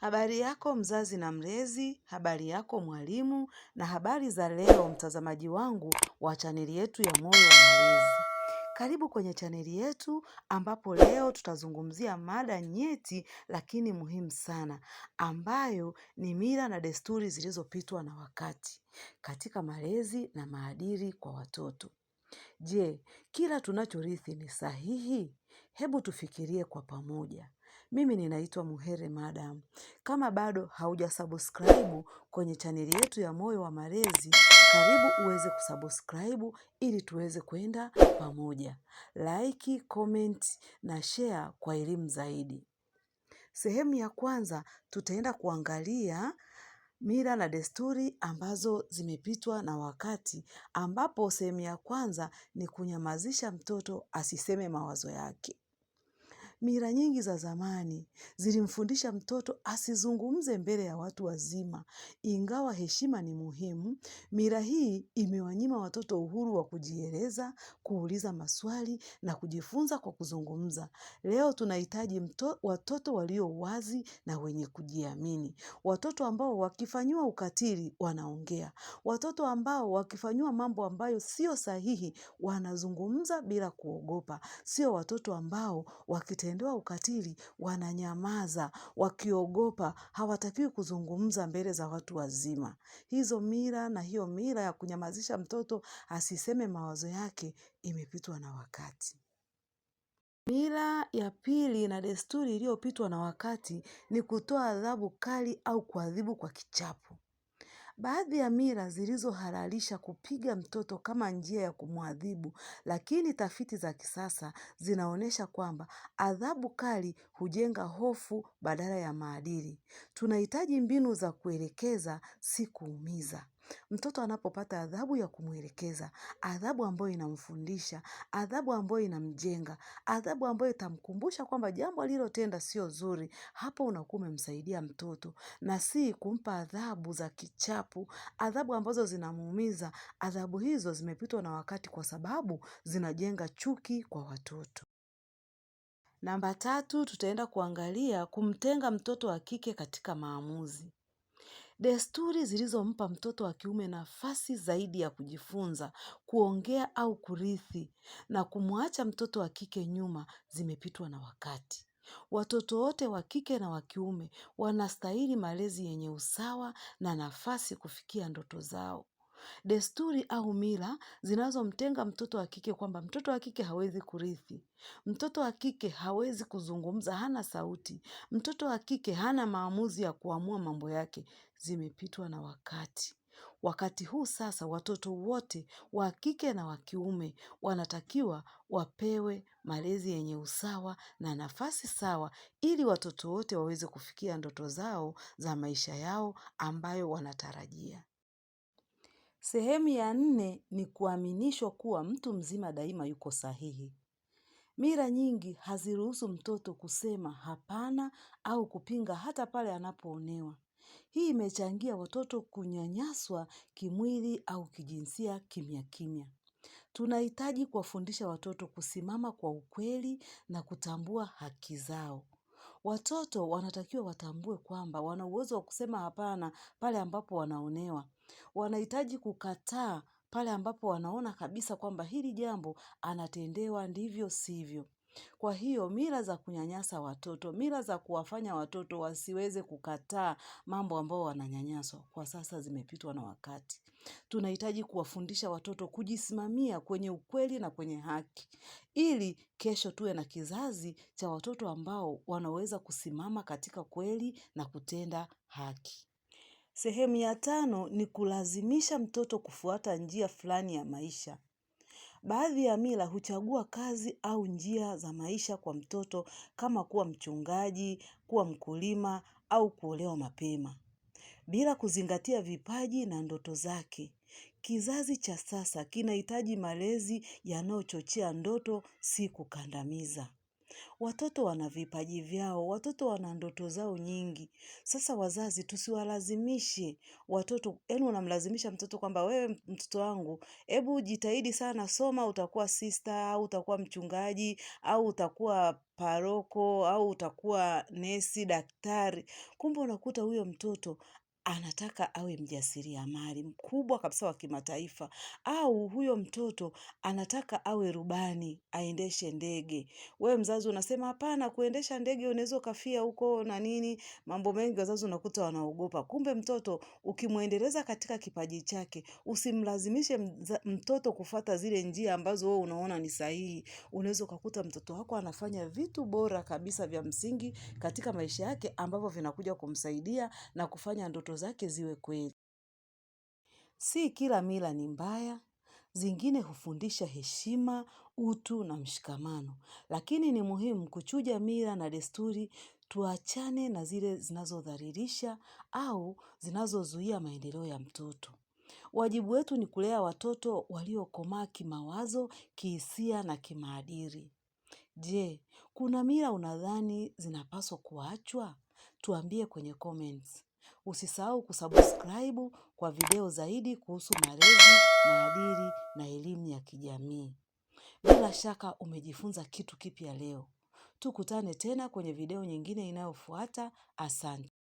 Habari yako mzazi na mlezi, habari yako mwalimu na habari za leo mtazamaji wangu wa chaneli yetu ya Moyo wa Malezi. Karibu kwenye chaneli yetu ambapo leo tutazungumzia mada nyeti lakini muhimu sana ambayo ni mila na desturi zilizopitwa na wakati katika malezi na maadili kwa watoto. Je, kila tunachorithi ni sahihi? Hebu tufikirie kwa pamoja. Mimi ninaitwa Muhere Madam. Kama bado hauja subscribe kwenye chaneli yetu ya Moyo wa Malezi, karibu uweze kusubscribe ili tuweze kwenda pamoja. Like, comment na share kwa elimu zaidi. Sehemu ya kwanza tutaenda kuangalia mila na desturi ambazo zimepitwa na wakati, ambapo sehemu ya kwanza ni kunyamazisha mtoto asiseme mawazo yake. Mira nyingi za zamani zilimfundisha mtoto asizungumze mbele ya watu wazima. Ingawa heshima ni muhimu, mira hii imewanyima watoto uhuru wa kujieleza, kuuliza maswali na kujifunza kwa kuzungumza. Leo tunahitaji watoto walio wazi na wenye kujiamini, watoto ambao wakifanyiwa ukatili wanaongea, watoto ambao wakifanyiwa mambo ambayo sio sahihi wanazungumza bila kuogopa, sio watoto ambao wakite wakitendewa ukatili wananyamaza, wakiogopa, hawatakiwi kuzungumza mbele za watu wazima. Hizo mila na hiyo mila ya kunyamazisha mtoto asiseme mawazo yake imepitwa na wakati. Mila ya pili na desturi iliyopitwa na wakati ni kutoa adhabu kali au kuadhibu kwa kichapo. Baadhi ya mila zilizohalalisha kupiga mtoto kama njia ya kumwadhibu, lakini tafiti za kisasa zinaonyesha kwamba adhabu kali hujenga hofu badala ya maadili. Tunahitaji mbinu za kuelekeza, si kuumiza. Mtoto anapopata adhabu ya kumwelekeza, adhabu ambayo inamfundisha, adhabu ambayo inamjenga, adhabu ambayo itamkumbusha kwamba jambo alilotenda sio zuri, hapo unakuwa umemsaidia mtoto na si kumpa adhabu za kichapu, adhabu ambazo zinamuumiza. Adhabu hizo zimepitwa na wakati kwa sababu zinajenga chuki kwa watoto. Namba tatu, tutaenda kuangalia kumtenga mtoto wa kike katika maamuzi. Desturi zilizompa mtoto wa kiume nafasi zaidi ya kujifunza, kuongea au kurithi na kumwacha mtoto wa kike nyuma zimepitwa na wakati. Watoto wote wa kike na wa kiume wanastahili malezi yenye usawa na nafasi kufikia ndoto zao desturi au mila zinazomtenga mtoto wa kike kwamba mtoto wa kike hawezi kurithi, mtoto wa kike hawezi kuzungumza, hana sauti, mtoto wa kike hana maamuzi ya kuamua mambo yake, zimepitwa na wakati. Wakati huu sasa, watoto wote wa kike na wa kiume wanatakiwa wapewe malezi yenye usawa na nafasi sawa, ili watoto wote waweze kufikia ndoto zao za maisha yao ambayo wanatarajia. Sehemu ya nne ni kuaminishwa kuwa mtu mzima daima yuko sahihi. mira nyingi haziruhusu mtoto kusema hapana au kupinga hata pale anapoonewa. Hii imechangia watoto kunyanyaswa kimwili au kijinsia kimya kimya. Tunahitaji kuwafundisha watoto kusimama kwa ukweli na kutambua haki zao. Watoto wanatakiwa watambue kwamba wana uwezo wa kusema hapana pale ambapo wanaonewa wanahitaji kukataa pale ambapo wanaona kabisa kwamba hili jambo anatendewa ndivyo sivyo. Kwa hiyo mila za kunyanyasa watoto, mila za kuwafanya watoto wasiweze kukataa mambo ambao wananyanyaswa, kwa sasa zimepitwa na wakati. Tunahitaji kuwafundisha watoto kujisimamia kwenye ukweli na kwenye haki, ili kesho tuwe na kizazi cha watoto ambao wanaweza kusimama katika kweli na kutenda haki. Sehemu ya tano ni kulazimisha mtoto kufuata njia fulani ya maisha. Baadhi ya mila huchagua kazi au njia za maisha kwa mtoto kama kuwa mchungaji, kuwa mkulima au kuolewa mapema. Bila kuzingatia vipaji na ndoto zake. Kizazi cha sasa kinahitaji malezi yanayochochea ndoto si kukandamiza. Watoto wana vipaji vyao, watoto wana ndoto zao nyingi. Sasa wazazi, tusiwalazimishe watoto. Yani unamlazimisha mtoto kwamba wewe, mtoto wangu, hebu jitahidi sana, soma, utakuwa sista au utakuwa mchungaji au utakuwa paroko au utakuwa nesi, daktari. Kumbe unakuta huyo mtoto anataka awe mjasiriamali mkubwa kabisa wa kimataifa, au huyo mtoto anataka awe rubani, aendeshe ndege. Wewe mzazi unasema hapana, kuendesha ndege unaweza ukafia huko na nini. Mambo mengi wazazi unakuta wanaogopa, kumbe mtoto ukimwendeleza katika kipaji chake, usimlazimishe mtoto kufata zile njia ambazo wewe unaona ni sahihi. Unaweza ukakuta mtoto wako anafanya vitu bora kabisa vya msingi katika maisha yake ambavyo vinakuja kumsaidia na kufanya ndoto zake ziwe kweli. Si kila mila ni mbaya, zingine hufundisha heshima, utu na mshikamano. Lakini ni muhimu kuchuja mila na desturi tuachane na zile zinazodhalilisha au zinazozuia maendeleo ya mtoto. Wajibu wetu ni kulea watoto waliokomaa kimawazo, kihisia na kimaadili. Je, kuna mila unadhani zinapaswa kuachwa? Tuambie kwenye comments. Usisahau kusubscribe kwa video zaidi kuhusu malezi, maadili na elimu ya kijamii. Bila shaka umejifunza kitu kipya leo. Tukutane tena kwenye video nyingine inayofuata. Asante.